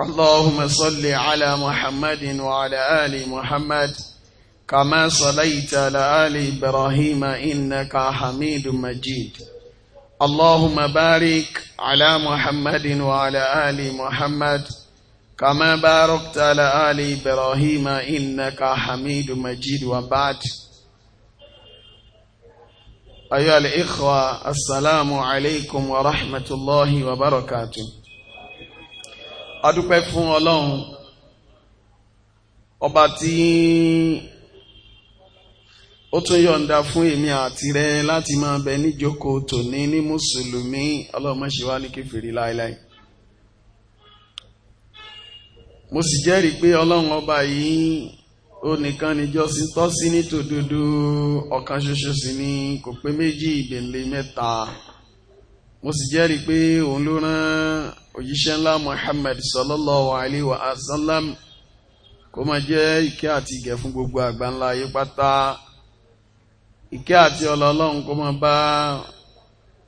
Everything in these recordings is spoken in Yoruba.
اللهم صل على محمد وعلى آل محمد كما صليت على آل إبراهيم إنك حميد مجيد اللهم بارك على محمد وعلى آل محمد كما باركت على آل إبراهيم إنك حميد مجيد وبعد أيها الإخوة السلام عليكم ورحمة الله وبركاته adúpẹ́ fún ọlọ́run ọba tí ó tún yọ̀ǹda fún èmi àti rẹ láti máa bẹ níjókòó tòní ní mùsùlùmí ọlọ́run má ṣe wá ní kèfèrí láéláé mo sì jẹ́rìí pé ọlọ́run ọba yìí ó nìkan níjọ́sìn tọ́ sí ní tòdodo ọ̀kan ṣoṣo sì ni kò pé méjì ìbẹ̀lẹ̀ mẹ́ta mo sì jẹ́rìí pé òun ló rán òjíṣẹ́ ńlá Muhammad sallallahu alayhi wa sallam kó máa jẹ́ ìkẹ́ àti ìgẹ̀ fún gbogbo àgbáńlá ayé pátá ìkẹ́ àti ọlọ́lọ́run kó máa bá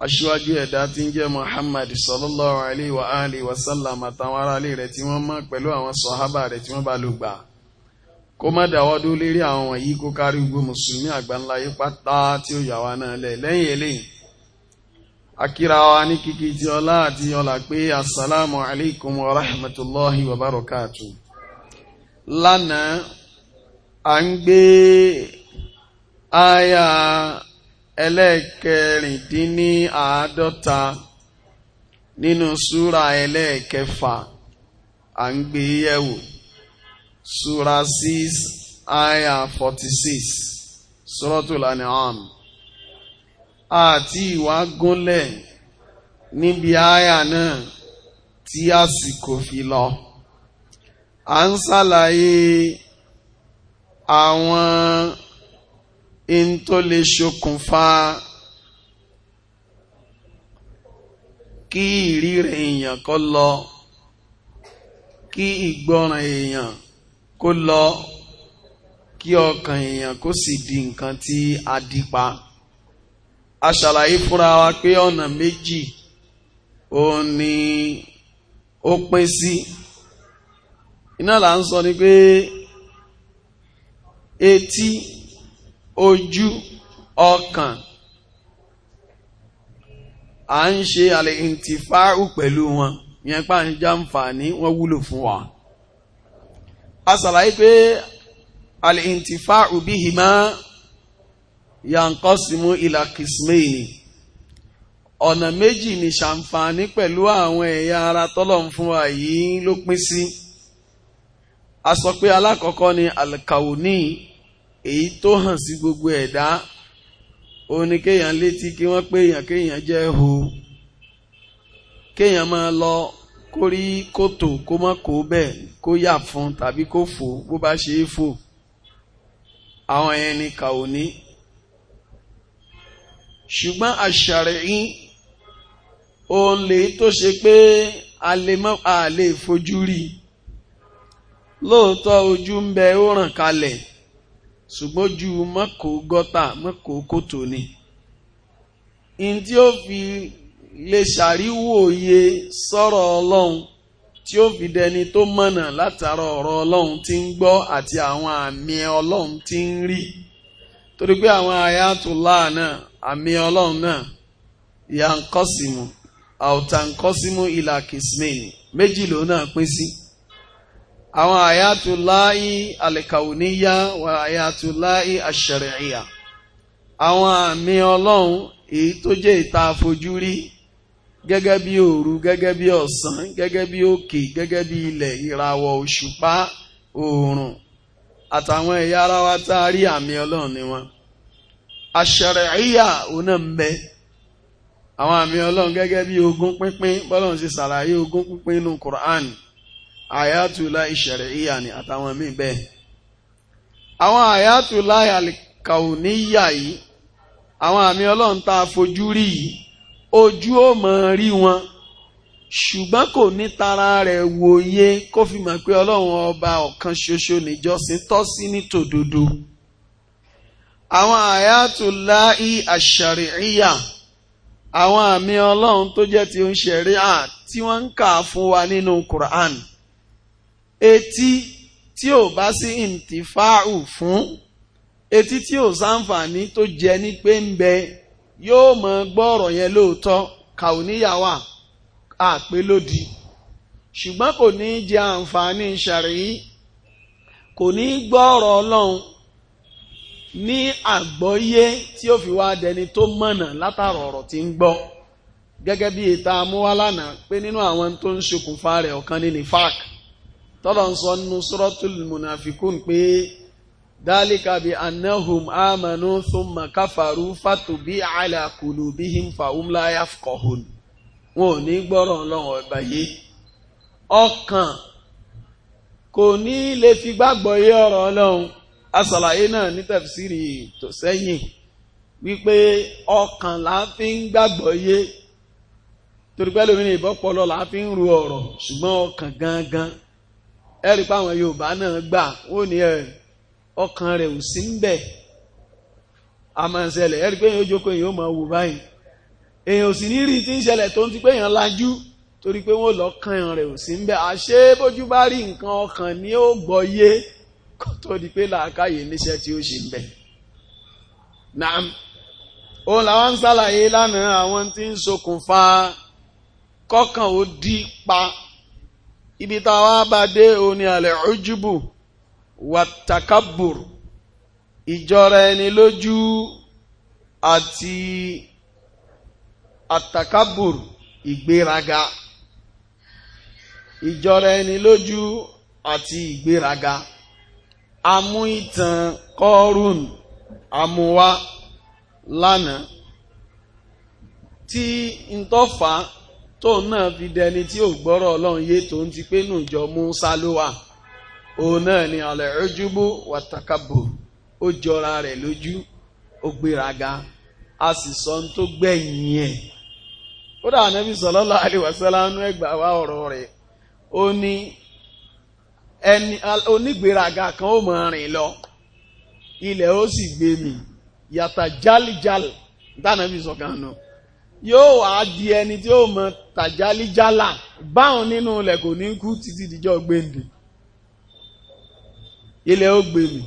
aṣíwájú ẹ̀dá tí ń jẹ́ Muhammad sallallahu alayhi wa alihi wa sallam àtàwọn aráalé rẹ̀ tí wọ́n mọ̀ pẹ̀lú àwọn sọ̀hábà rẹ̀ tí wọ́n bá lò gbà kó má dáwọ́dó lérí àwọn wọ̀nyí kó kárí gbogbo mùsùlùmí àgbáńlá ayé pátá tí ó yà wá náà lẹ̀ lẹ́yìn eléyìí akíra wa ní kíkí tí ọlá àti ọlá pé assalamu alaikum wa rahmatullahi wa barakatu lánàá a ń gbé àyà ẹlẹ́ẹ̀kẹrìndínní àádọ́ta nínú súra ẹlẹ́ẹ̀kẹfà à ń gbé yẹ̀wò súra 6 àyà 46 suratul an'am àti ìwà gúnlẹ̀ níbi àyà náà tí àsìkò fi lọ. À ń ṣàlàyé àwọn in tó lè ṣokùnfà kí ìrírí èèyàn kó lọ kí ìgbọràn èèyàn kó lọ kí ọkàn èèyàn kó sì di nǹkan tí a dípa. a ṣàlàyé fúnra wa pé ọ̀nà méjì òun ni ó pín sí iná là ń sọ ni pé etí ojú ọkàn à ń ṣe àlè ìntìfáàrù pẹ̀lú wọn ìyẹn pa ń jàǹfààní wọ́n wúlò fún wa a ṣàlàyé pé àlè ìntìfáàrù bíi hìmá. yankosimu ila kismeini ọ̀nà méjì ni ṣàǹfààní pẹ̀lú àwọn ẹ̀yà ara tọ́lọ̀ ń fún wa yìí ló pín sí a sọ pé alákọ̀ọ́kọ́ ni alkaoni èyí tó hàn sí gbogbo ẹ̀dá òun ni kéèyàn létí kí wọ́n pé èèyàn kéèyàn jẹ́ ho kéèyàn máa lọ kó rí kòtò kó mọ́ kó bẹ́ẹ̀ kó yà fún tàbí kó fò bó bá ṣe é fò àwọn yẹn kaoni ṣùgbọ́n àṣàrẹ̀yìn òun lè tó ṣe pé a lè mọ́ a lè fojú rí lóòótọ́ ojú ń bẹ ó ràn kalẹ̀ ṣùgbọ́n ojú mọ́kò gọ́tà mọ́kò kòtò ni ní tí ó fi lè ṣàríwòye sọ̀rọ̀ ọlọ́run tí ó fi dẹni tó mọ̀nà látara ọ̀rọ̀ ọlọ́run tí ń gbọ́ àti àwọn àmì ọlọ́run tí ń rí torí pé àwọn àyàtúlá náà àmì ọlọ́run náà yankọ́símù àwòtànkọ́símù ìlà kìsmẹ́ẹ̀nì méjì ló náà pín sí. àwọn àyàtúláì àlìkàwùníyà wà àyàtúláì àṣẹrẹ̀ìyà àwọn àmì ọlọ́run èyí tó jẹ́ ìta àfojúrí gẹ́gẹ́ bí òru gẹ́gẹ́ bí ọ̀sán gẹ́gẹ́ bí òkè gẹ́gẹ́ bí ilẹ̀ ìràwọ̀ òṣùpá àtàwọn ẹ̀yà ara wa tá a rí àmì àṣẹrẹ̀ẹ́yà ọ̀nà ń bẹ àwọn àmì ọlọ́run gẹ́gẹ́ bí ogún pínpín bọ́lọ́run ṣe ṣàlàyé ogún pínpín inú Qur'an àyàtúlá ìṣẹ̀rẹ̀ẹ́yà ni àtàwọn míì bẹ́ẹ̀ àwọn àyàtúlá àlìkàùníyà yìí àwọn àmì ọlọ́run tá a fojú rí yìí ojú ó mọ̀ rí wọn ṣùgbọ́n kò ní tara rẹ̀ wòye kó fi mọ̀ pé ọlọ́run ọba ọ̀kan ṣoṣo níjọ́sìn tọ́ sí nítòdodo àwọn àyàtúláì àṣàríyà àwọn àmì ọlọ́run tó jẹ́ ti ń ṣẹ̀ríà tí wọ́n ń kà fún wa nínú Quran etí tí ò bá sí ìǹtìfáàù fún etí tí ò sáǹfààní tó jẹ ní pé ń bẹ yóò mọ gbọ́ ọ̀rọ̀ yẹn lóòótọ́ kàò níyàwó àpé lòdì ṣùgbọ́n kò ní jẹ àǹfààní ṣàríyí kò ní gbọ́ ọ̀rọ̀ ọlọ́run ní àgbọ́yé tí ó fi wá dẹni tó mọ̀nà látàrọ̀ ọ̀rọ̀ tí ń gbọ́ gẹ́gẹ́ bí ìta amúwálànà pé nínú àwọn tó ń ṣokùnfà rẹ̀ ọ̀kan ní nifak tọ́lọ̀ ń sọ nínú suratul munafikun pé dálíkà bí anahum amanu thumma káfàrú fatubi ala kulubihim fahum la yafqahun wọn ò ní gbọ́rọ̀ ọlọ́run ọba ọkàn kò ní lè fi gbàgbọ́ yé ọ̀rọ̀ ọlọ́run asàlàyé náà ní tẹ̀fsìrì tó sẹ́yìn wípé ọkàn la fi ń gbàgbọ́ yé torí pé lómi ní ìbọ́pọ̀lọ́ la fi ń ru ọ̀rọ̀ ṣùgbọ́n ọkàn gangan ẹ̀rí páwọn Yorùbá náà gbà wọ́n ní ẹ̀ ọkàn rẹ̀ ò sí ń bẹ̀ àmọ̀ǹsẹ̀lẹ̀ ẹ̀rí pé èèyàn ojókòó èèyàn ó máa wò báyìí èèyàn ò sì ní rí ti ń ṣẹlẹ̀ tó ń ti pé èèyàn lajú torí pé wọ́n lọ́kàn rẹ̀ ò sí ń bẹ̀ àṣé bójú bá rí nǹkan ọkàn ni ó gbọ́ yé kó tó di pé làákàyè níṣẹ́ tí ó ṣe ń bẹ̀. Naam, òun làwọn ń ṣàlàyé lánàá àwọn tí ń ṣokùnfà kọ́kàn ó dí pa. Ibi táwa bá dé òun ni àlẹ́ ojúbù wàtàkàbùrù ìjọra ẹni lójú àti àtàkàbùrù ìgbéraga ìjọra ẹni lójú àti ìgbéraga amú ìtàn kọ́rùn amúwá lánàá tí ntọ́fà tó náà fi dẹni tí ò gbọ́rọ̀ ọlọ́run yé tó ń ti pé nù jọ Musa òun náà ni ọ̀lẹ̀ ojúbú wàtàkàbò ó jọra rẹ̀ lójú ó gbéraga a sì sọ ohun tó gbẹ̀yìn ẹ̀ kódà ànábì sallallahu alaihi wasallam ẹgbàá wa ọ̀rọ̀ rẹ̀ ó ní ẹni onígbéraga kan ó máa rìn lọ ilẹ̀ ó sì gbé mi yàtà jálíjálì dánàbí sọ̀kan nù yóò wá di ẹni tí ó mọ tàjálíjálà báwọn nínú ilẹ̀ kò ní kú títí dijọ́ gbèǹde ilẹ̀ ó gbé mi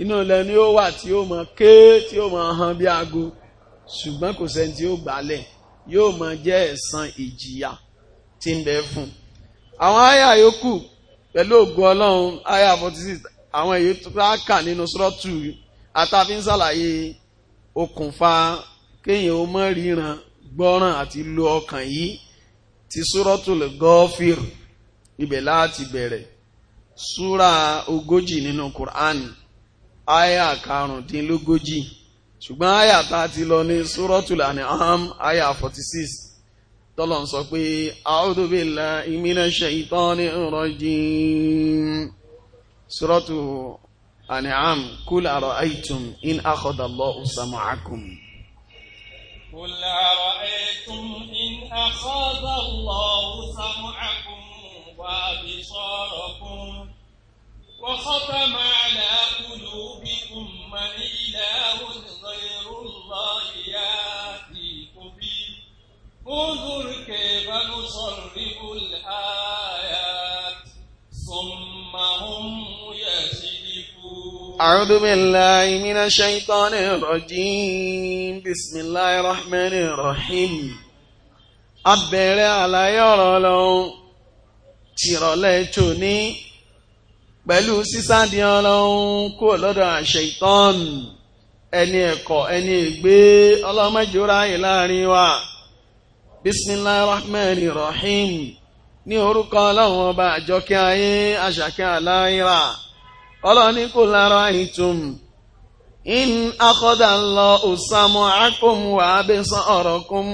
inú ilẹ̀ ni ó wà tí ó mọ ké tí ó mọ han bí aago ṣùgbọ́n kò sẹ́ni tí ó gbálẹ̀ yóò mọ jẹ́ ẹ̀san ìjìyà tí ń bẹ fún àwọn àyà yòókù pẹ̀lú ògùn ọlọ́run aya forty six àwọn èyí tó kà nínú sọ́ọ̀tù àtàfi ń ṣàlàyé okùnfà kéèyàn ó mọ̀ ríran gbọ́ràn àti lo ọkàn yìí ti sọ́ọ̀tù lè gọ́ọ́fìr ibẹ̀ láti bẹ̀rẹ̀ súra ogójì nínú Kùránì aya karùndínlógójì ṣùgbọ́n aya tá a ti lọ ní sọ́ọ̀tù lànà aham aya forty six tọ́lọ̀ ń sọ pé a'udhu billahi minash shaitanir rajim suratu an'am qul ara'aytum in akhadha Allahu sam'akum. قل أرأيتم إن أخذ الله سمعكم وأبصاركم وختم على قلوبكم من إله غير الله انظر كيف نصرف الآيات ثم هم يصدفون أعوذ بالله من الشيطان الرجيم بسم الله الرحمن الرحيم abẹ̀rẹ̀ àlàyé ọ̀rọ̀ ọlọ́run tìrọ̀lẹ́ tòní pẹ̀lú sísáàdì ọlọ́run kó lọ́dọ̀ àṣẹ ìtọ́nù ẹni ẹ̀kọ́ ẹni ègbé ọlọ́mọjúra yìí láàrin wa bisimilahi rahmani rahim ní orúkọ ọlọ́run ọba àjọkẹ́ ayé àṣàkẹ́ àláìra ọlọ́ni kò lára ìtum in akọ́dà lọ òsàmọ́ akọ́mù wà abẹ́sán ọ̀rọ̀ kún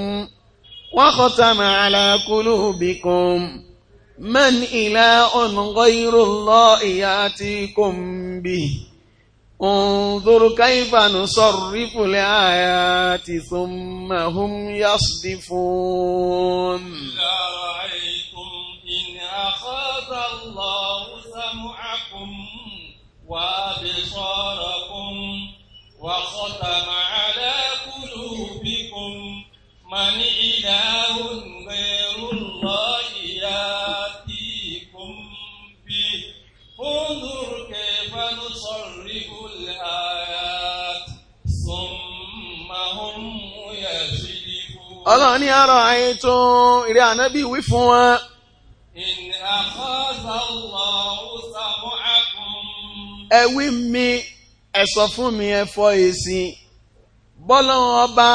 wọ́n kọ́ta mà alákùlù bìkún mẹ́ni ilẹ̀ ọ̀nà gọ́yìrò lọ ìyá àti kòmbi. انظر كيف نصرف الآيات ثم هم يصدفون أرأيتم إن أخذ الله سمعكم وأبصاركم وختم على قلوبكم من إله غير الله يأتيكم به انظر فنصرف الآيات ثم هم يصدفون ọlọ́run ní àrọ̀ àyín tó إن أخذ الله سمعكم. ẹ مي mi ẹ sọ fún mi ẹ fọ èsì bọ́lọ́run ọba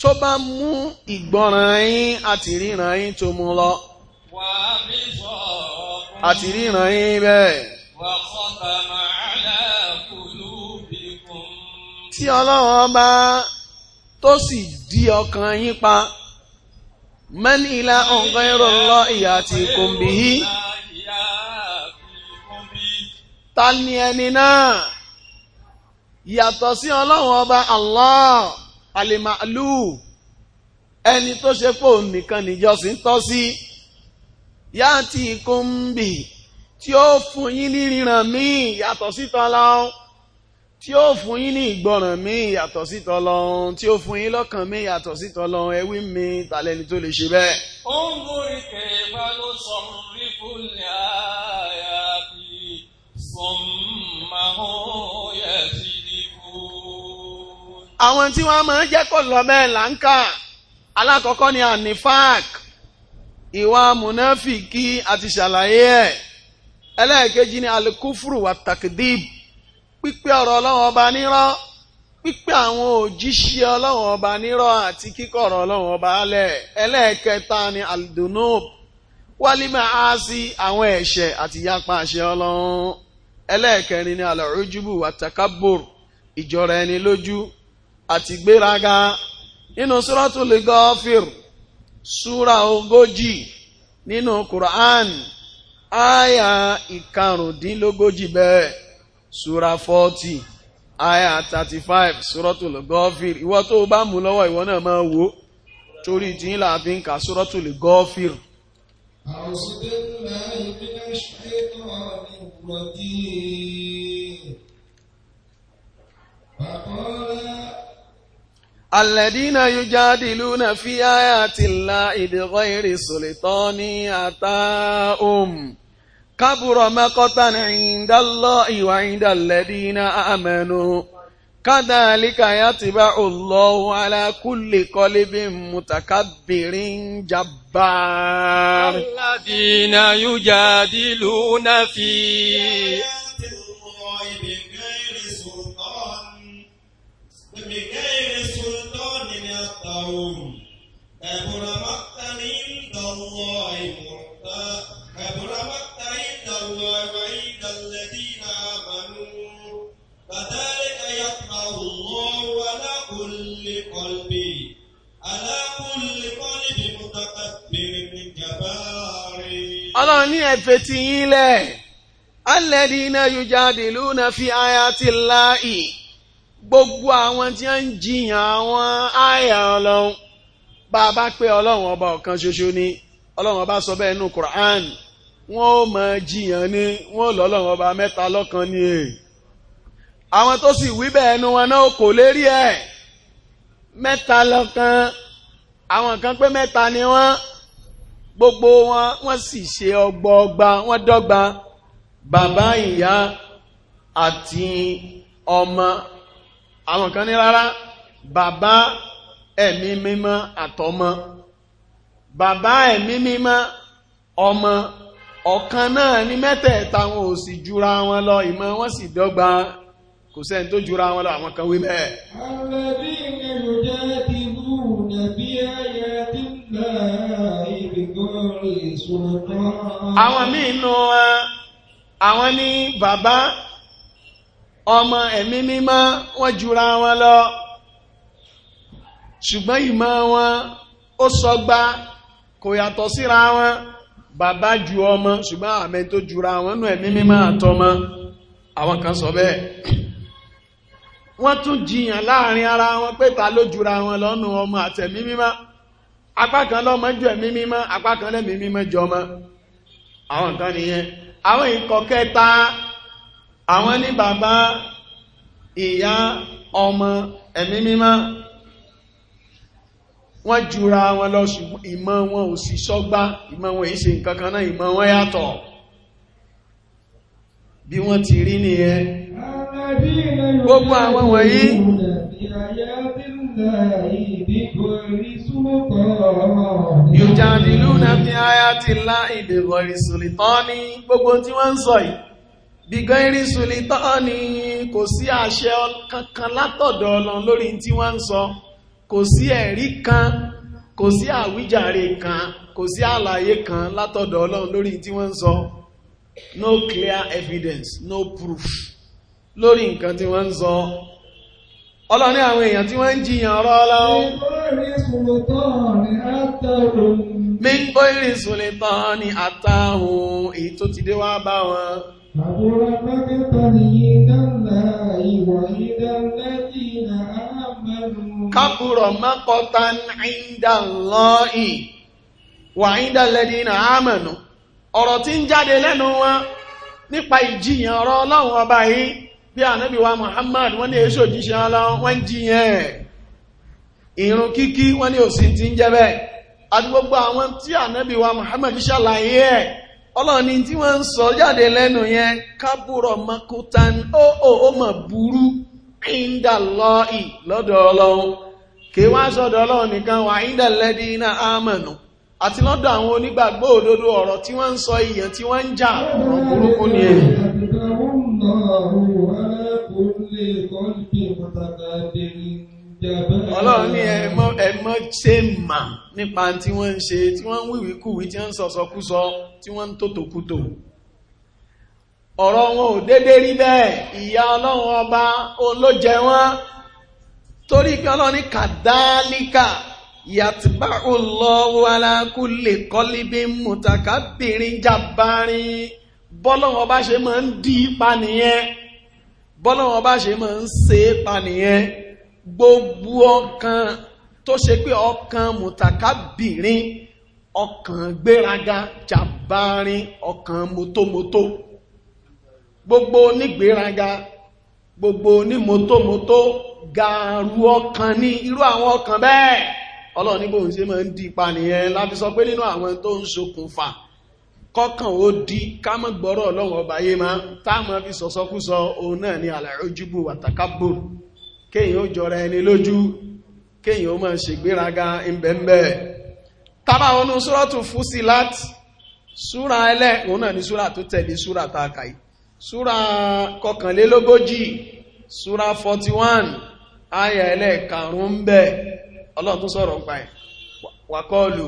tó bá mú ìgbọ́ràn yín àti ríran yín tó mú lọ. àti ríran yín bẹ́ẹ̀ tí ọlọ́run ọba tó sì di ọkàn yín pa mẹ́ni ilá ọ̀gán ẹ̀rọ lọ ìyá àti kòmbì yìí ta ni ẹni náà yàtọ̀ sí ọlọ́run ọba Allah alimalu ẹni tó ṣe pé nìkan níjọ́sìn tọ́ sí yá àti kòmbì tí ó fún yín ní ríran míì yàtọ̀ sí tọ́lọ́hún tí ó fún yín ní ìgbọràn míì yàtọ̀ sí tọ́lọ́hún tí ó fún yín lọ́kàn míì yàtọ̀ sí tọ́lọ́hún ẹwí mi tàlẹ́ni tó lè ṣe bẹ́ẹ̀. ó ń borí kẹfà ló sọ rí fúnni àyà bí sọmáhùn yẹ sí ikú. àwọn tí wọ́n máa ń jẹ́ kó lọ bẹ́ẹ̀ là alákọ̀ọ́kọ́ ni anifak ìwà munafiki àti ṣàlàyé ẹ̀ ẹlẹ́ẹ̀kejì ni alikufuru wa takdib pípé ọ̀rọ̀ ọlọ́run ọba nírọ́ pípé àwọn òjíṣẹ́ ọlọ́run ọba nírọ́ àti kíkọ̀ ọ̀rọ̀ ọlọ́run ọba alẹ̀ ẹlẹ́ẹ̀kẹta ni aldunub wálímà áásí àwọn ẹ̀ṣẹ̀ àti yapa àṣẹ ọlọ́run ẹlẹ́ẹ̀kẹrin ni alọ̀rọ̀júbù wa takabur ìjọra ẹni lójú àti gbéraga nínú suratul Ghafir súra ogójì nínú Qur'an àyà ìkarùndínlógójì bẹ́ẹ̀ sura forty àyà thirty five suratul gọ́fìr ìwọ tó o bá mú lọ́wọ́ ìwọ náà máa wò ó torí tí ń là fi ń ka suratul gọ́fìr. الذين يجادلون في آيات الله بغير سلطان أتاهم كبر مقتا عند الله وعند الذين آمنوا كذلك يتبع الله على كل قلب متكبر جبار الذين يجادلون في بغير سلطان يطعون كبر مقتا عند الله كبر مقتا الله وعند الذين آمنوا كذلك يطبع الله على كل قلب على كل قلب متكبر جبار ọlọ́run ní ẹ̀fẹ̀ tí yín lẹ̀ alẹ́dínà yujadiluna fi ayati Allahi gbogbo àwọn tí wọ́n ń jiyàn àwọn àyà ọlọ́run bá a bá pé ọlọ́run ọba ọ̀kan ṣoṣo ni ọlọ́run ọba sọ bẹ́ẹ̀ nù Qur'an wọ́n ó máa jiyàn ní wọ́n lọ́lọ́run ọba mẹ́ta lọ́kan ní e àwọn tó sì wí bẹ́ẹ̀ ẹnu wọn náà kò lérí ẹ̀ mẹ́ta lọ́kan àwọn kan pé mẹ́ta ni wọ́n gbogbo wọn wọ́n sì ṣe ọgbọọgba wọ́n dọ́gba bàbá ìyá àti ọmọ àwọn kan ní rárá bàbá ẹ̀mí mímọ́ àtọmọ bàbá ẹ̀mí mímọ́ ọmọ ọ̀kan náà ni mẹ́tẹ̀ẹ̀ta wọn ò sì jura wọn lọ ìmọ̀ wọn sì dọ́gba kò sẹ́ni tó jura wọn lọ àwọn kan wí bẹ́ẹ̀. alladhina yujadiluna bi ayatillahi bighayri sultan. àwọn míì nù wọn àwọn ní bàbá ọmọ ẹ̀mí mímọ́ wọ́n jura wọn lọ ṣùgbọ́n ìmọ̀ wọn ó sọgbà kò yàtọ̀ síra wọn bàbá ju ọmọ ṣùgbọ́n àmẹ́ tó jura àwọn nù ẹ̀mí mímọ́ àtọmọ àwọn kan sọ bẹ́ẹ̀ wọ́n tún jiyàn láàrin ara wọn pé ta ló jura wọn lọ́nu ọmọ àtẹ̀mí mímọ́ apá kan lọ́mọ ju ẹ̀mí mímọ́ apá kan lẹ́mí mímọ́ jọmọ àwọn kan nìyẹn àwọn ikọ̀ kẹta àwọn ní bàbá ìyá ọmọ ẹ̀mí mímọ́ wọ́n jura wọn lọ ṣùgbọ́n ìmọ̀ wọn ò sí ṣọ́gbá ìmọ̀ wọn èyí ṣe nǹkan kan náà ìmọ̀ wọn yàtọ̀ bí wọ́n ti rí nìyẹn gbogbo àwọn wọ̀nyí yùjàdìlú náà fi ayá ti lá ìdèbọ̀ ìrìsùlìtọ́ ní gbogbo tí wọ́n ń sọ yìí bìgán ìrìsùlìtọ́ ní kò sí àṣẹ kankan látọ̀dọ̀ Ọlọ́run lórí tí wọ́n ń sọ kò sí ẹ̀rí kan kò sí àwíjàre kan kò sí àlàyé kan látọ̀dọ̀ ọlọ́run lórí tí wọ́n ń sọ no clear evidence no proof lórí nǹkan tí wọ́n ń sọ ọlọ́ni àwọn èèyàn tí wọ́n ń jiyàn ọ̀rọ̀ ọlọ́run mímbó ìrìnsùn lè tán ni àtàhùn èyí tó ti dé wá bá wọn Àbúrò akẹ́kẹ́ta nìyí dáńdá ìwà ìdáńdá kábùrọ̀ mọ́kọta ìdá lọ́ì wà ìdá lẹ́dí iná àmànù ọ̀rọ̀ tí ń jáde lẹ́nu wọn nípa ìjiyàn ọ̀rọ̀ ọlọ́run ọba yìí bí ànábì wa Muhammad wọ́n ní èso òjíṣẹ́ ọlọ́run wọ́n jiyàn ẹ̀ ìrun kíkí wọ́n ní òsì ti ń Muhammad ṣàlàyé ẹ̀ ọlọ́run ni tí wọ́n sọ jáde lẹ́nu yẹn ó ó mọ̀ ìndà lọ́ì lọ́dọ̀ ọlọ́run kí wá sọ́dọ̀ ọlọ́run nìkan wà ìndà lẹ́dí iná àmànù àti lọ́dọ̀ àwọn onígbàgbọ́ òdodo ọ̀rọ̀ tí wọ́n ń sọ ìyàn tí wọ́n ń jà ọ̀rọ̀ burúkú ni ẹ̀ ọlọ́run ní ẹmọ́ ẹmọ́ ṣe mà nípa tí wọ́n ń ṣe tí wọ́n ń wíwíkúwí tí wọ́n ń sọ̀sọ̀kúsọ tí wọ́n ń tòtòkútò ọ̀rọ̀ wọn ò dédé rí bẹ́ẹ̀ ìyá ọlọ́run ọba olójẹ wọn torí pé ọlọ́run ní kàdálíkà yàtìbá ọlọ́wọ́ alákùlé kọ́líbí mùtàkàbìrin jábárin bọ́lọ́wọ́ bá ṣe máa ń dí ipa nìyẹn bọ́lọ́wọ́ bá ṣe máa ń ṣe ipa nìyẹn gbogbo ọkàn tó ṣe pé ọkàn mùtàkàbìrin ọkàn gbéraga jábárin ọkàn mọ́tòmọ́tò. Moto, moto gbogbo onígbéraga gbogbo onímọ́tómọ́tó gàrú ọkàn ní irú àwọn ọkàn bẹ́ẹ̀ ọlọ́run ní bóun ṣe máa ń di ìpànìyàn láti sọ pé nínú àwọn tó ń ṣokùnfà kọ́kàn ó di kámọ́ gbọ́rọ̀ ọlọ́run ọba yé máa táàmọ́ fi sọ̀sọ́kúsọ òun náà ni àlàrójúbù àtàkábò kéèyàn ó jọra ẹni lójú kéèyàn ó máa ṣègbéraga ìbẹ̀m̀bẹ̀ tábà wọnú súrọ́tù Fusilat súra ẹlẹ́ òun náà ni súra tó tẹ̀lé súra tá a kà súra kọkànlélógójì súra 41 ayà karùn ún ń bẹ̀ ọlọ́run tó sọ̀rọ̀ pa ẹ̀ wàkọ́ọ̀lù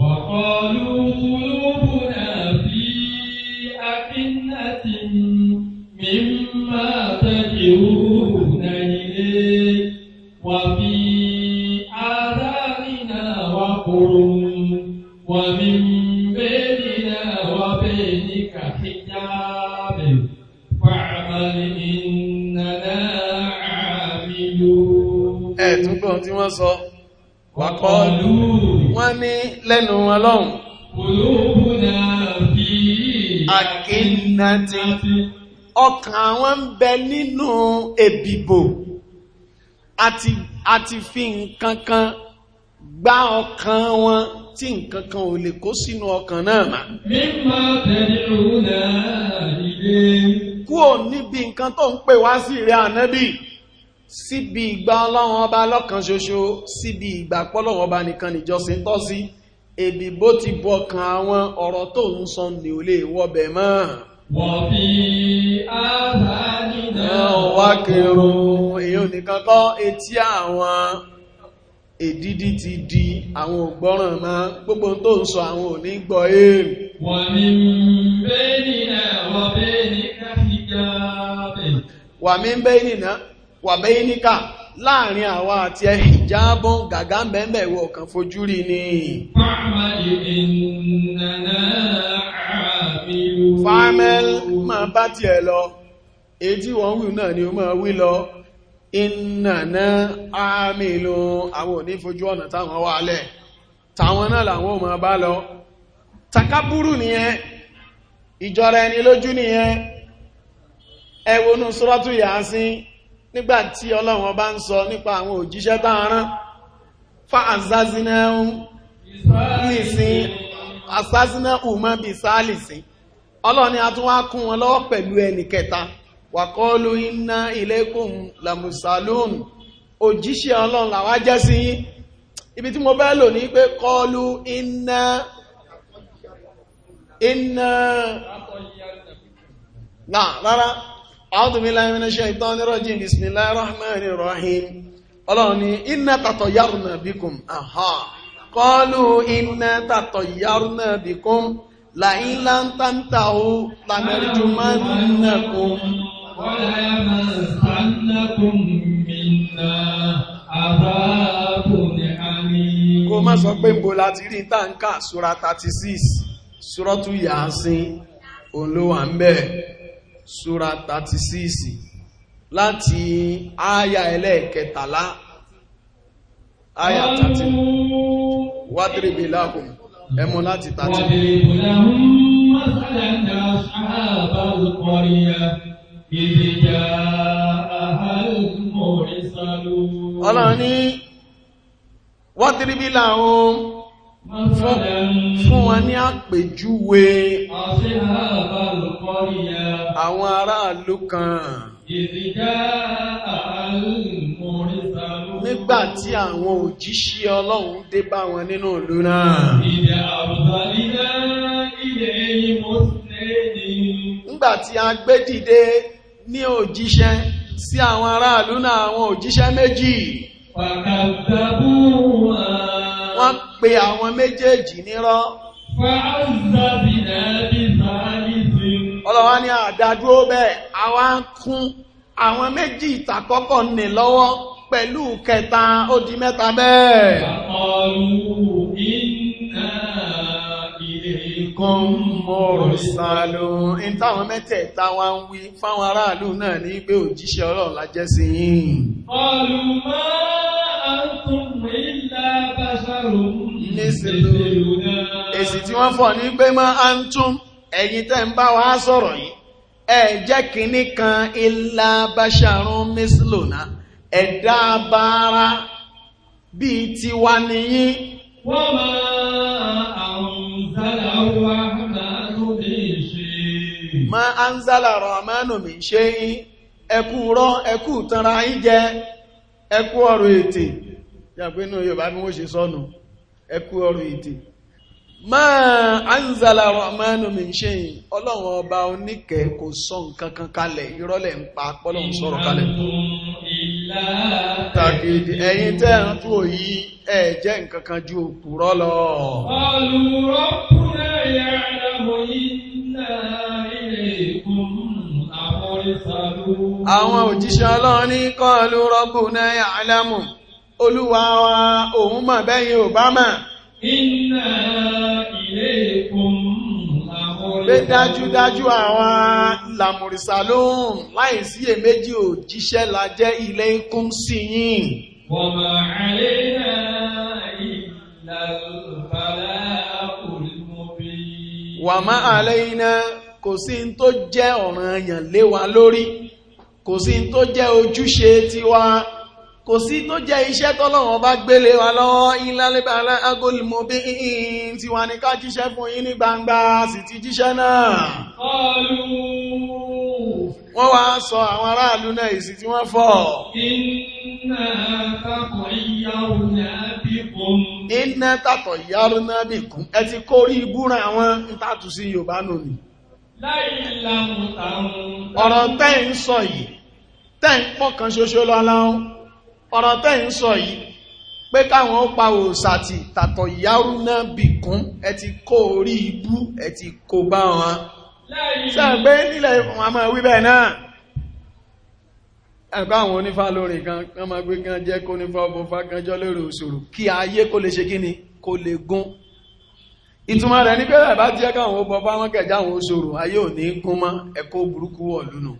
wàkọ́ọ̀lù kúlúùkù náà fi akínnàtì mímọ́ àtẹ́kẹ̀ẹ́ tí wọ́n sọ wàkọlù wọ́n ní lẹ́nu ọlọ́run àkínàtí ọkàn àwọn ń bẹ nínú èbìbò àti fi nǹkan kan gbá ọkàn wọn tí nǹkan kan ò lè kó sínú ọkàn náà mà. mímọ tẹ̀lé òun náà ilé. kúò níbi nǹkan tó ń pè wá sí ìrẹ́ ànábì síbi ìgbà ọlọ́run ọba lọ́kan ṣoṣo síbi ìgbà pọ́lọ́run ọba nìkan nìjọsìn tọ́ sí èbí bó ti bu ọkàn àwọn ọ̀rọ̀ tó ń sọ ní ò wọbẹ̀ mọ́. wọ́n fi ábà wá kẹrù èèyàn nìkan kọ́ etí àwọn èdídí ti di àwọn ògbọ́ràn mọ́ gbogbo tó ń sọ àwọn ò ní gbọ́ èèmù. wọ́n ní bẹ́ẹ̀ ni àwọn bẹ́ẹ̀ ni káfíńkà bẹ̀. wà mí bẹ́ẹ̀ nìyẹn wàbẹ́ níkà láàrin àwa àti ẹ ìjábọ̀ gàgá mẹ́mẹ́ ìwọ ọ̀kan fojú rí ni. fámẹ́l máa bá tiẹ̀ lọ èyí tí wọ́n wí náà ni ó máa wí lọ ìnànà àmìlò àwọn òní fojú ọ̀nà táwọn wà lẹ̀ táwọn náà làwọn ò máa bá lọ takaburu nìyẹn ìjọra ẹni lójú nìyẹn ẹwọnú sọ́rọ́tù yàásín nígbà tí ọlọ́run ọba ń sọ nípa àwọn òjíṣẹ́ tá a rán fáàzázínà ń nìsín asásínà ni a tún wá kún wọn lọ́wọ́ pẹ̀lú ẹnì kẹta wàkọ́lù iná ilékùn làmùsàlùm òjíṣẹ́ ọlọ́run làwa jẹ́ sí ibi tí mo bẹ́ lò ní pé ina. iná iná náà rárá أعوذ بالله من الشيطان الرجيم بسم الله الرحمن الرحيم Ọlọ́run ni iná tàtọ̀ yárùnà bíkùn àhá kọlu iná tàtọ̀ yárùnà bíkùn láìlá ń tàntà ó lànàríjú máa ń nàkún kó má sọ pé mbò láti rí táǹkà súra 36 súrọ́tù yàásín olówà ń bẹ̀rẹ̀ sura 36 láti àyà ẹlẹ́ẹ̀kẹtàlá àyà 30 wádìrìbì láhùn ẹmọ láti 30 ọlọ́ni wádìrìbì láhùn fún wọn ní àpèjúwe àwọn aráàlú kan nígbà tí àwọn òjíṣẹ́ ọlọ́run dé bá wọn nínú ìlú náà nígbà tí a gbé dìde ní òjíṣẹ́ sí àwọn aráàlú náà àwọn òjíṣẹ́ méjì Wọ́n pe àwọn méjèèjì nírọ́. Ọlọ́wọ́ ní àdádúró bẹ́ẹ̀, àwa ń kún àwọn méjì ìtàkọ́kọ̀ nì lọ́wọ́ pẹ̀lú kẹta ó di mẹ́ta bẹ́ẹ̀. Àkọlù. hum mursalun in táwọn mẹ́tẹ̀ẹ̀ta wá ń wí fáwọn aráàlú náà ní pé òjíṣẹ́ ọlọ́run la jẹ́ sí yín ọlùmọ́ antum illa basharun èsì tí wọ́n fọ̀ ní pé ma antum ẹ̀yin tẹ́ ń bá wa illa basharun misluna ẹ̀dá bára bíi tiwa nìyí wọ́n máa ma anzala rahmanu min shay'in ẹkú rọ́ ẹkú tanra yín jẹ ẹkú ọ̀rọ̀ ètè yàgbé náà yóò bá bí wọ́n ṣe ma min ọba oníkẹ́ kò sọ nǹkan kan kalẹ̀ ìrọ́lẹ̀ kan ju àwọn òjíṣẹ́ ọlọ́run ní kọlu rabbuna ya'lamu olúwa wa òun mọ̀ bẹ́yìn obama inna ilaykum pé dájúdájú àwa làmùrìsàlóhùn láìsí èméjì òjíṣẹ́ la jẹ́ ilé ikún sí yín wa ma alayna kò sí tó jẹ́ ọ̀ranyàn lé wa lórí kò sí tó jẹ́ ojúṣe tiwa kò sí tó jẹ́ iṣẹ́ tọ́lọ́run bá gbélé wa lọ́wọ́ ìlàlẹ́bà agolimo bí i tiwa ní ká jíṣẹ́ fún yín ní gbangba sì ti jíṣẹ́ náà wọ́n wá sọ àwọn aráàlú náà èsì tí wọ́n fọ́ iná tàtọ̀ yárúnábìkún ẹ ti kórí ibúra àwọn ìtàtù sí Yorùbá nù ni ọ̀rọ̀ tẹ́ ń sọ yìí tẹ́ ń pọ̀kan ṣoṣo lọ́la ọ́n ọ̀rọ̀ tẹ́ ń sọ yìí pé káwọn ó pa òòṣà ti tàtọ̀ ìyáwó náà bìkún ẹ ti kó orí ibú ẹ ti kó bá wọn sẹ́gbé nílẹ̀ wọn máa wí bẹ́ẹ̀ náà ẹ̀kọ́ àwọn onífà lórí kan wọ́n máa gbé kan jẹ́ kó nífà ọbọ̀fà kan jọ lérò òṣòro kí ayé kó lè ṣe kíni kó lè gún ìtumọ̀ rẹ̀ ní pẹ́lẹ̀ bá jẹ́ káwọn ó bọ́bá wọn kẹjá àwọn oṣòro ayé ò ní kún mọ́ ẹ̀kọ́ burúkú wọ̀ lónà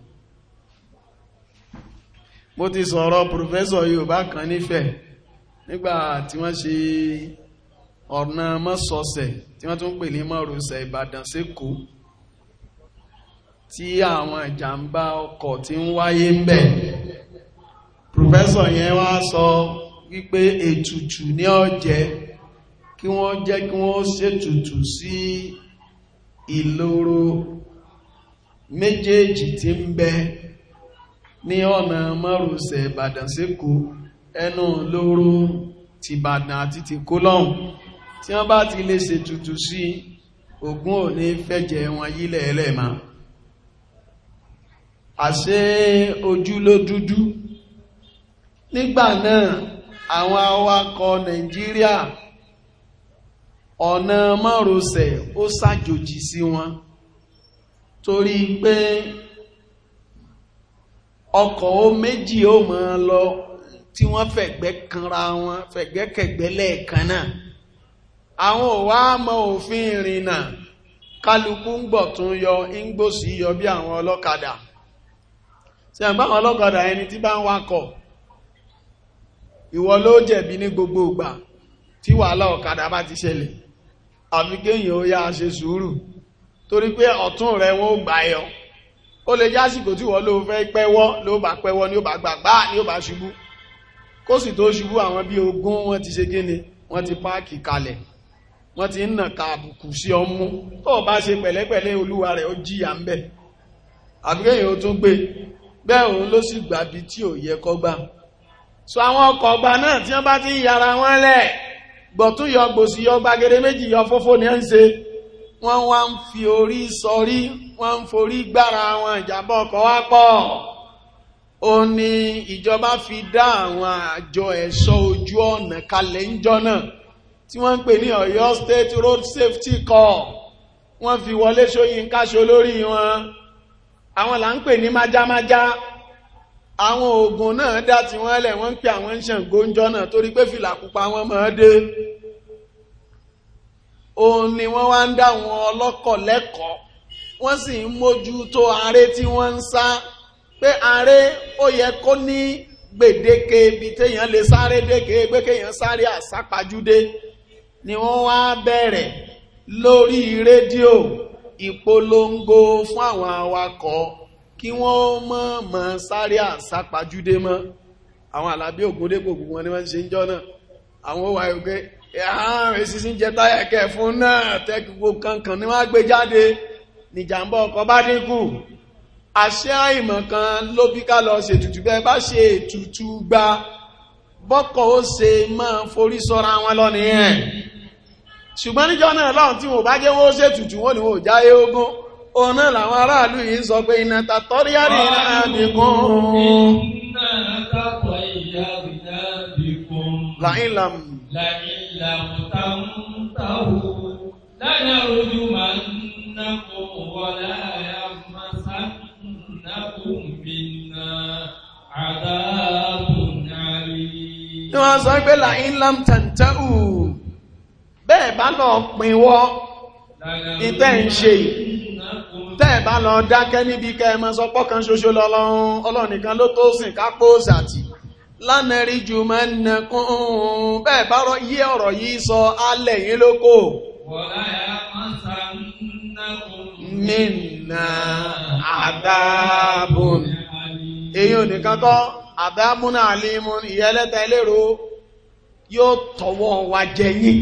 mo ti sọ̀rọ̀ pòfẹ́sọ̀ Yorùbá kan nífẹ̀ẹ́ nígbà tí wọ́n ṣe ọ̀nà mọ́sọ̀ọ̀sẹ̀ tí wọ́n tún pè ní mọ́rọ̀ọ̀sẹ̀ Ìbàdàn sékòó tí àwọn ìjàmbá ọkọ̀ ti ń wáyé ń bẹ̀ pòfẹ́sọ̀ yẹn wá sọ wípé ètùtù ní ọ̀jẹ́ kí wọ́n jẹ́ kí wọ́n ṣètùtù sí ìloro méjèèjì tí ń bẹ ní ọ̀nà márosẹ̀ ìbàdàn sékò ẹnu lóró ti ìbàdàn àti ti kólọ́hùn tí wọ́n bá ti lè ṣètùtù sí Ògún ò ní fẹ́jẹ̀ wọn yílẹ̀ ẹlẹ́mà àṣẹ ojú ló dúdú nígbà náà àwọn awakọ̀ Nàìjíríà ọ̀nà márosẹ̀ ó ṣàjòjì sí wọn torí pé ọkọ̀ ó méjì ó máa lọ tí wọ́n fẹ̀gbẹ́ kanra wọn fẹ̀gbẹ́kẹ̀gbẹ́ lẹ́ẹ̀kan náà àwọn ò wá mọ òfin ìrìnnà kálukú ń gbọ̀ tún yọ ń gbòsí yọ bí àwọn ọlọ́kadà tí àwọn báwọn ọlọ́kadà ẹni tí bá ń wakọ̀ ìwọ ló jẹ̀bi ní gbogbo ìgbà tí wàhálà ọ̀kadà bá ti ṣẹlẹ̀ àfi kéèyàn ó yá ṣe sùúrù torí pé ọ̀tún rẹ̀ wọ́n ó gbà yọ ó lè jásìkò tí wọ́n ló fẹ́ pẹ́wọ́ ló bá pẹ́wọ́ ní ó bá gbàgbá ní ó bá ṣubú kó sì tó ṣubú àwọn bí ogún wọ́n ti ṣe gíní wọ́n ti páàkì kalẹ̀ wọ́n ti ń nà ka àbùkù sí ọmú tó bá ṣe pẹ̀lẹ́pẹ̀lẹ́ olúwa rẹ̀ ó jìyà ń bẹ̀ àfi ó tún gbé bẹ́ẹ̀ òun ló sì gbàbí tí ò yẹ kọ́gbà so àwọn ọkọ̀ ọgbà náà tí wọ́n bá ti yára wọn lẹ̀ gbọ̀tún yọ gbòsì yọ gbàgede méjì yọ fófó ní ẹ́ ń ṣe wọ́n wá ń fi orí sọrí wọ́n ń forí gbára wọn ìjàmbá ọkọ̀ wá pọ̀ ó ní ìjọba fi dá àwọn àjọ ẹ̀ṣọ́ ojú ọ̀nà kalẹ̀ ńjọ́ náà tí wọ́n ń pè ní Ọ̀yọ́ State Road Safety Corps wọ́n fi Wọlé Ṣóyínká ṣolórí wọn àwọn là ń pè ní májámájá. Maja àwọn oògùn náà dá tí wọ́n lẹ̀ wọ́n ń pè àwọn Ṣàngó ńjọ́ náà torí pé fìlà pupa wọn máa dé òun ni wọ́n wá ń dá àwọn ọlọ́kọ̀ lẹ́kọ̀ọ́ wọ́n sì ń mójútó aré tí wọ́n ń sá pé aré ó yẹ kó ní gbèdéke ibi téèyàn lè sáré déke pé kéèyàn sáré àsápajúdé ni wọ́n wá bẹ̀rẹ̀ lórí rédíò ìpolongo fún àwọn awakọ̀ kí wọ́n mọ̀ mọ̀ sáré àsápajúdé mọ́ àwọn àlàbí ògúndé gbogbo wọn ni wọ́n ṣe ń jọ náà àwọn wà ìgbé ààrùn ìsísí ń jẹ táyà kẹ fún náà tẹ́gbogbo kankan ni wọ́n gbé jáde nìjàmbá ọkọ̀ bá dínkù àṣẹ àìmọ̀ kan ló bí ká lọ ṣètùtù bẹ́ẹ̀ bá ṣe ètùtù gba bọ́kọ̀ ó ṣe máa forí sọ́ra wọn lọ ṣùgbọ́n níjọ́ náà lọ́run tí wọ́n bá jẹ́ wọ́n ṣètùtù wọn ni wọ́n jáyé ogún Ona náà làwọn aráàlú yìí sọ pé iná tàtọ́rí àrí iná àbìkún láìlàm láìlàm tàúntàwò láyà ojú ma ń nàkọ̀ wà láyà masá nàkọ̀ mìíràn àdáàbò nàrí. ni wọ́n sọ pé láìlàm tàúntàwò bẹ́ẹ̀ bá lọ pinwọ́ ìtẹ́ ń ṣe yìí tẹ́ẹ̀ bá lọ dákẹ́ níbi kẹ́ẹ̀mọ́ sọ pọ́kan ṣoṣo lọ́lọ́run ọlọ́run nìkan ló tó sìn kápó òsàtì lánàrí jù mọ́ nẹkún bẹ́ẹ̀ bá yí ọ̀rọ̀ yìí sọ alẹ̀ yín lóko. mínà àdábùn èyí ò nìkan kọ́ àdábùn àlímù ìyá ẹlẹ́ta ẹlẹ́rọ yóò tọwọ́ wa jẹ yín.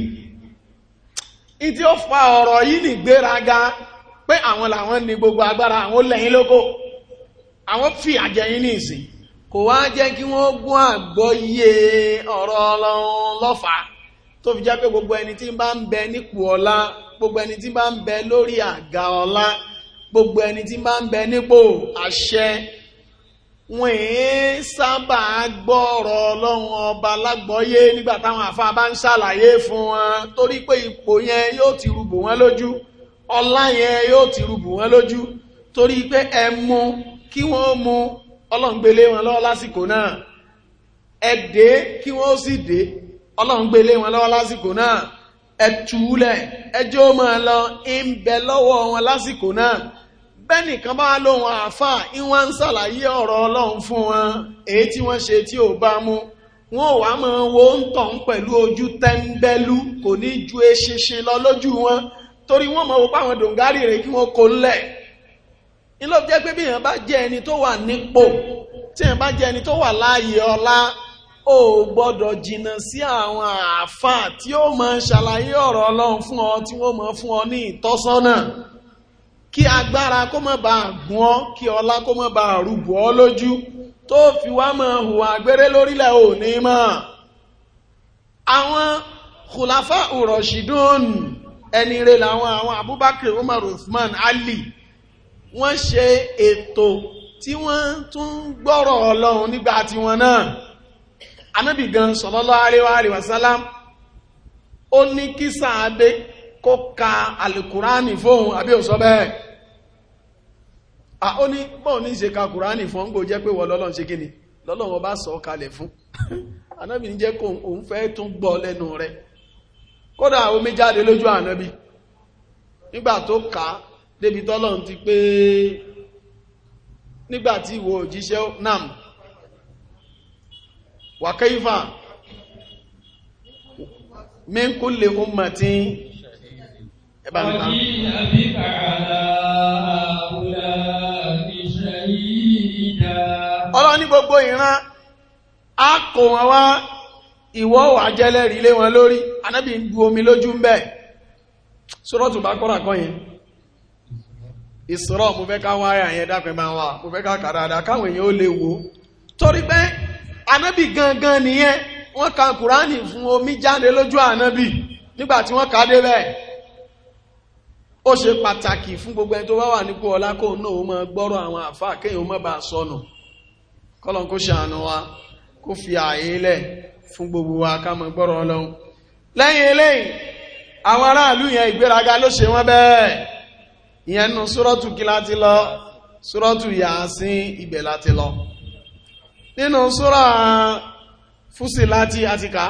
ìdí ó fa ọ̀rọ̀ yìí nìgbéraga pé àwọn làwọn ní gbogbo agbára àwọn lẹ́yìn lóko àwọn fi àjẹyìn ní ìsìn kò wá jẹ́ kí wọ́n gún àgbọ́yé ọ̀rọ̀ ọlọ́run lọ́fà tó fi jẹ́ pé gbogbo ẹni tí bá ń bẹ nípò ọlá gbogbo ẹni tí bá ń bẹ lórí àga ọlá gbogbo ẹni tí bá ń bẹ nípò àṣẹ wọn èé sábà gbọ́ ọ̀rọ̀ ọlọ́run ọba lágbọ́yé nígbà táwọn àfa bá ń ṣàlàyé fún wọn torí pé ipò yẹn yóò ti rúbò wọn lójú ọlá yẹn yóò ti rúbù wọn lójú torí pé ẹ mú kí wọ́n mú ọlọ́ngbélé wọn lọ́wọ́ lásìkò náà ẹ kí wọ́n sì dé ọlọ́ngbélé wọn lọ́wọ́ lásìkò náà ẹ ẹjọ́ máa lọ lọ́wọ́ wọn lásìkò náà bá àáfàá fún wọn èyí tí wọ́n ṣe tí ò bá wọn ò wá máa wo ń tàn ju lọ wọn torí wọ́n mọ̀ wọ́pá àwọn dòǹgárì rẹ̀ kí wọ́n kó lẹ̀ ilé ọ̀bí jẹ́ pé bí èèyàn bá jẹ́ ẹni tó wà nípò tí èèyàn bá jẹ́ ẹni tó wà láàyè ọlá ó gbọ́dọ̀ jìnnà sí àwọn àáfàá tí ó máa ṣàlàyé ọ̀rọ̀ ọlọ́run fún ọ tí wọ́n máa fún ọ ní ìtọ́sọ́nà kí agbára kó má bàa gún ọ kí ọlá kó má bàa rúbọ ọ lójú tó fi wá máa hùwà àgbèrè lórílẹ̀ òní mọ́ àwọn kùlàfà òrọ̀ṣìdónù ẹni rẹ̀ làwọn àwọn Abubakar Umar Usman Ali wọ́n ṣe ètò tí wọ́n tún gbọ́rọ̀ Ọlọ́run nígbà tiwọn náà anábì gan sallallahu alaihi wa sallam ó ní kí sàábé kó ka alìkùránì fóun àbí òsọ bẹ́ẹ̀ ó ní bọ́ọ̀ ní ṣe ka kùránì fún ọ́n gbò jẹ́ pé wọ́n lọ́lọ́run ṣe kíni lọ́lọ́run kódà omi jáde lójú ànábì nígbà tó kà á débi tọ́lọ́run ti pé nígbà tí ìwọ òjíṣẹ́ nam wàkẹ́yífà mínkúlè ọmọtí ẹbàmìta ọlọ́ ní gbogbo ìran a kò wọn wá ìwọ́ wà jẹ́lẹ́rì ilé wọn lórí anábì ń bu omi lójú ń bẹ́ sọ́rọ̀tù bá kọ́rà kan yẹn ìsọ́rọ̀ mo fẹ́ ká wọ́n ara yẹn dápẹ́ máa wà mo fẹ́ ká kàràdà káwọn èèyàn ó lè wò torí pé anábì gangan nìyẹn wọ́n ka kùránì fún omi jáde lójú anábì nígbà tí wọ́n kàdé bẹ́ẹ̀ ó ṣe pàtàkì fún gbogbo ẹni tó bá wà nípò ọlá kóun náà ó máa gbọ́rọ̀ àwọn àfáà kéèyàn ó má bàa sọnù kọ́lọ́n kó ṣàánú wa kó fi ààyè ilẹ̀ fún gbogbo wa ká mọ̀ gbọ́rọ̀ ọlọ́run lẹ́yìn eléyìí àwọn aráàlú yẹn ìgbéraga ló ṣe wọ́n bẹ́ẹ̀ ìyẹn nù súrọ́tù kí láti lọ súrọ́tù yàásín ibẹ̀ láti lọ nínú súrà fúsì láti àtìká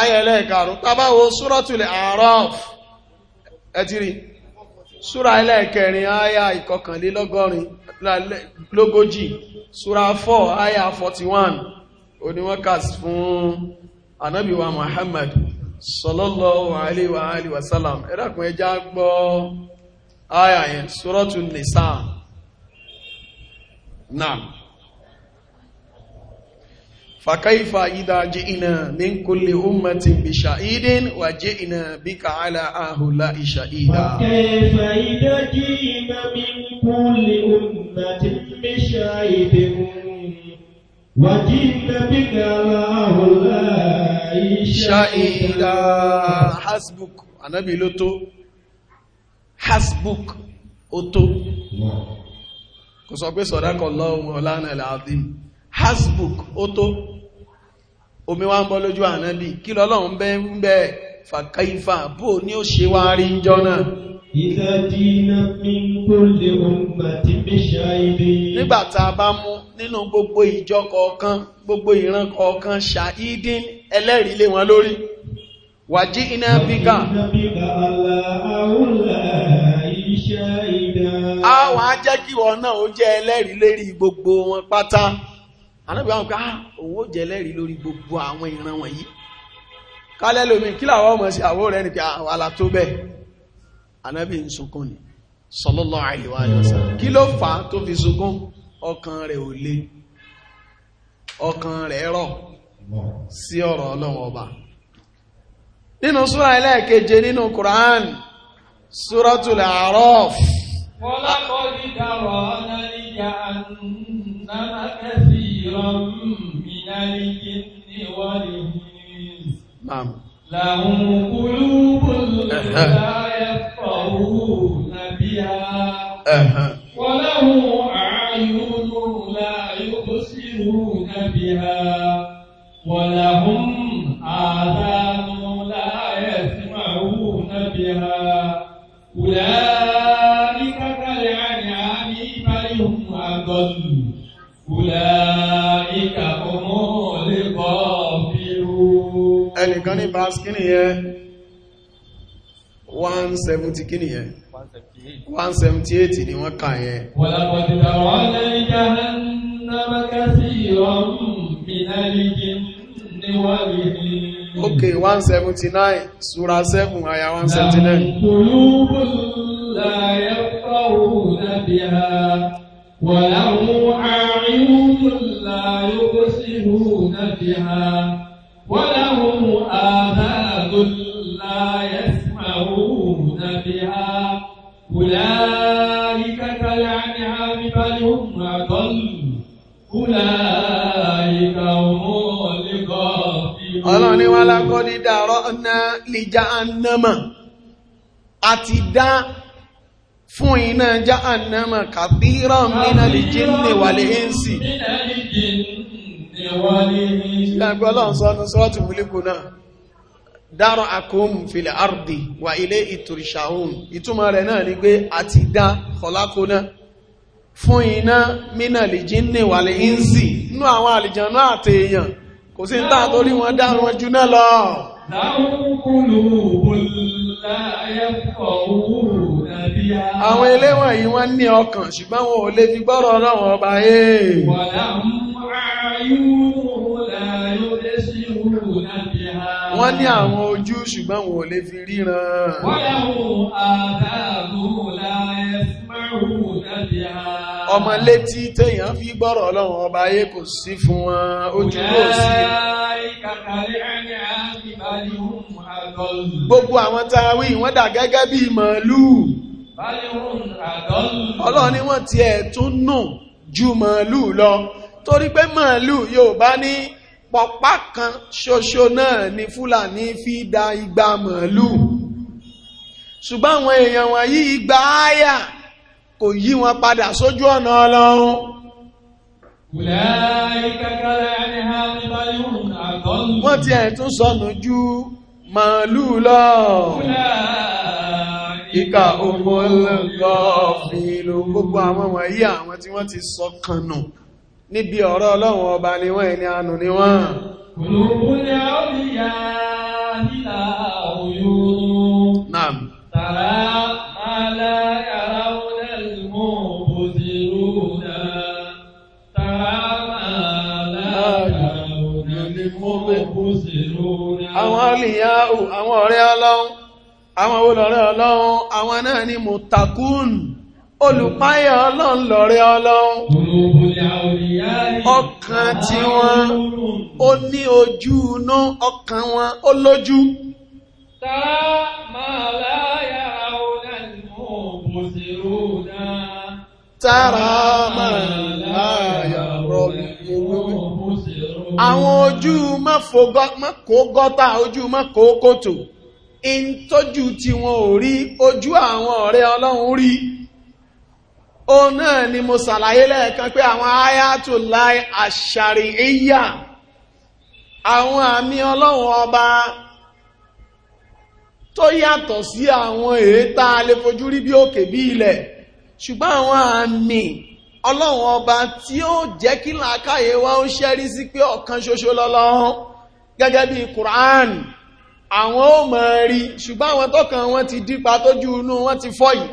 ayẹ̀lẹ́ ìkàrún tàbáwo súrọ́tù lè A'raf ẹ̀tìrì súra ẹlẹ́ẹ̀kẹrin àyà ìkọkànlélọ́gọ́rin lógójì súra 4 àyà 41 oníwọ́kàs fún anábíwa Muhammad sallallahu alaihi wa alihi wa sallam ẹ̀dàkùn ẹjá gbọ́ ayà yẹn suratul nisa naam fakaifa idha ji'na min kulli ummatin bi sha'idin wa ji'na bika ala ahula sha'ida fakaifa idha ji'na min kulli ummatin bi sha'idin وجئت بك الله لا hasbuk ó tó kò sọ pé sọ̀dákọ̀ lọ́wọ́ ọlánà ìlàdìm hasbuk ó omi wá ń bọ́ lójú Ànábì kí lọ́lọ́run bẹ́ ń bẹ́ ní ó ṣe wá إذا دينا من كل أمة بشهيد nígbà tá a bá mú nínú gbogbo ìjọ kọ̀ọ̀kan gbogbo ìran kọ̀ọ̀kan ṣàìdín ẹlẹ́rìí lé wọn lórí wàjí iná bíkà àwọn á jẹ́ kí wọn náà ó jẹ́ ẹlẹ́rìí lérí gbogbo wọn pátá anábìá wọn pé ah, òun ó jẹ́ ẹlẹ́rìí lórí gbogbo àwọn ìran wọ̀nyí kálẹ́ lómi kí làwọn ọmọ sí àwọ̀ rẹ̀ nìkan ah, àwọn tó bẹ́ẹ̀ anábì ń sunkún ni sallallahu alaihi wa sallam kí ló fà á tó fi sunkún ọkàn rẹ̀ ò le ọkàn rẹ̀ rọ̀ sí ọ̀rọ̀ ọlọ́run ọba nínú súra ẹlẹ́ẹ̀keje nínú Quran Suratul A'raf Wọ́lákọ́lì dárọ̀ ọ́nàlìyà ànàmà kẹsì ìrọ̀ mìíràn ní wọ́n lè rí. لهم قلوب لا يفقهون بها وله أعين لا يبصرون بها ولهم آذان لا يسمعون بها أولئك كالأنعام بل هم أضل أولئك nǹkan ní bá skinny yẹn 170 kí ni 178 ni wọ́n kà yẹn. ok 179 sura 7 aya 179. kùlùbù láyé أولئك كالأنعام بل هم أضل أولئك هم Ọlọ́run ni wọ́n lákọ́ ní dàrọ́ ọ̀nà lìjà ànàmà àti dá fún iná já ànàmà kàbíràn nínà lìjì wàlẹ̀ ẹ̀ǹsì. Ìgbàgbọ́ Ọlọ́run sọ́nu sọ́ọ̀tù múlíkù náà dárọ̀ akóhùn filẹ̀ ardi wà ilé ìtòrìṣàhùn ìtumọ̀ rẹ̀ náà ni pé a ti dá kọlákóná fún iná mínà lè jí ní wà lè ń sì nú àwọn àlìjàn náà àti èèyàn kò sí ń torí wọn dá wọn jù náà lọ àwọn eléwọ̀n yìí wọ́n ní ọkàn ṣùgbọ́n wọn lè fi gbọ́rọ̀ ọlọ́run ọba ẹ̀ wọ̀n wọ́n ní àwọn ojú ṣùgbọ́n wọn ò lè fi ríran ọmọ létí téèyàn fi gbọ́rọ̀ ọlọ́run ọba ayé kò sí fún wọn ojú kò sí gbogbo àwọn tá a wí wọ́n dà gẹ́gẹ́ bí màálùú ọlọ́run ni wọ́n tiẹ̀ tún nù ju màálùú lọ torí pé màálùú yóò bá ní pọ̀pá kan ṣoṣo náà ni fúlàní fi da igba màálù ṣùgbọ́n àwọn èèyàn wọ̀nyí igba áyà kò yí wọn padà sójú ọ̀nà ọlọ́run. wọ́n ti ẹ̀ tún sọnù ju màálù lọ. ìka òmùlẹ̀ lọ́ọ̀fì ló gbogbo àwọn wọ̀nyí àwọn tí wọ́n ti sọ kànù. So níbi ọ̀rọ̀ ọlọ́run ọba ni wọ́n ẹni àánú ni wọ́n. Olùkú ni a ó ní ya nílà òyòrò. Nam. Tàrà Àwọn olìyá àwọn ọ̀rẹ́ ọlọ́run, àwọn olọ̀rẹ́ ọlọ́run, àwọn náà ni Mùtàkùn olùpáyà ọlọ́run lọ̀rẹ́ ọlọ́run ọkàn tí wọ́n ó ní ojú inú ọkàn wọn ó lójú. tààrà máa láyà ọ̀nà ìmọ̀ òṣèrò náà. tààrà máa láyà ọ̀nà ìmọ̀ òṣèrò náà. àwọn ojú mọ́kò gọ́tà ojú mọ́kò kòtò ìtọ́jú tí wọn ò rí ojú àwọn ọ̀rẹ́ ọlọ́run rí òun náà ni mo ṣàlàyé lẹ́ẹ̀kan pé àwọn ayatollah àṣàríyà àwọn àmì ọlọ́run ọba tó yàtọ̀ sí àwọn èétà lè fojú rí bí òkè bí ilẹ̀ ṣùgbọ́n àwọn àmì ọlọ́run ọba tí ó jẹ́ kí làákàyè wa ó ṣẹ́rí sí pé ọ̀kan ṣoṣo lọ́lọ́run gẹ́gẹ́ bí Quran àwọn ò mọ̀ rí ṣùgbọ́n àwọn tọ́kàn wọn ti dípa tójú inú wọn ti fọ́ yìí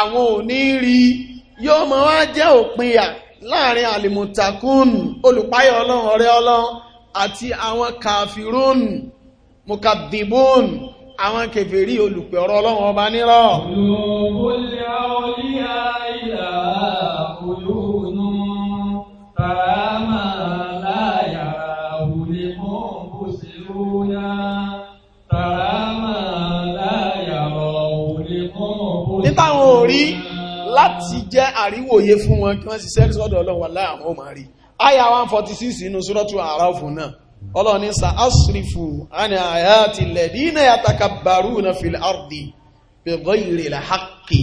àwọn ò ní rí i yóò mọ̀ wá jẹ́ òpinya láàrin alimutakun olùpáyọ̀ ọlọ́run ọ̀rẹ́ ọlọ́run àti àwọn kàfírún mukadibun àwọn kèfèrí olùpẹ̀ ọ̀rọ̀ ọlọ́run ọba nírọ̀ nítàwọn ò láti jẹ́ àríwòye fún wọn kí wọ́n sì sẹ́rí sọ́dọ̀ ọlọ́run wà láàrín àwọn ọmọ rí àyà 146 inú sọ́rọ́tù àráfù náà ọlọ́run ní sa asrifu àni àyà tilẹ̀ dínà yàtàkàbàrú na fil ardi bi ghayri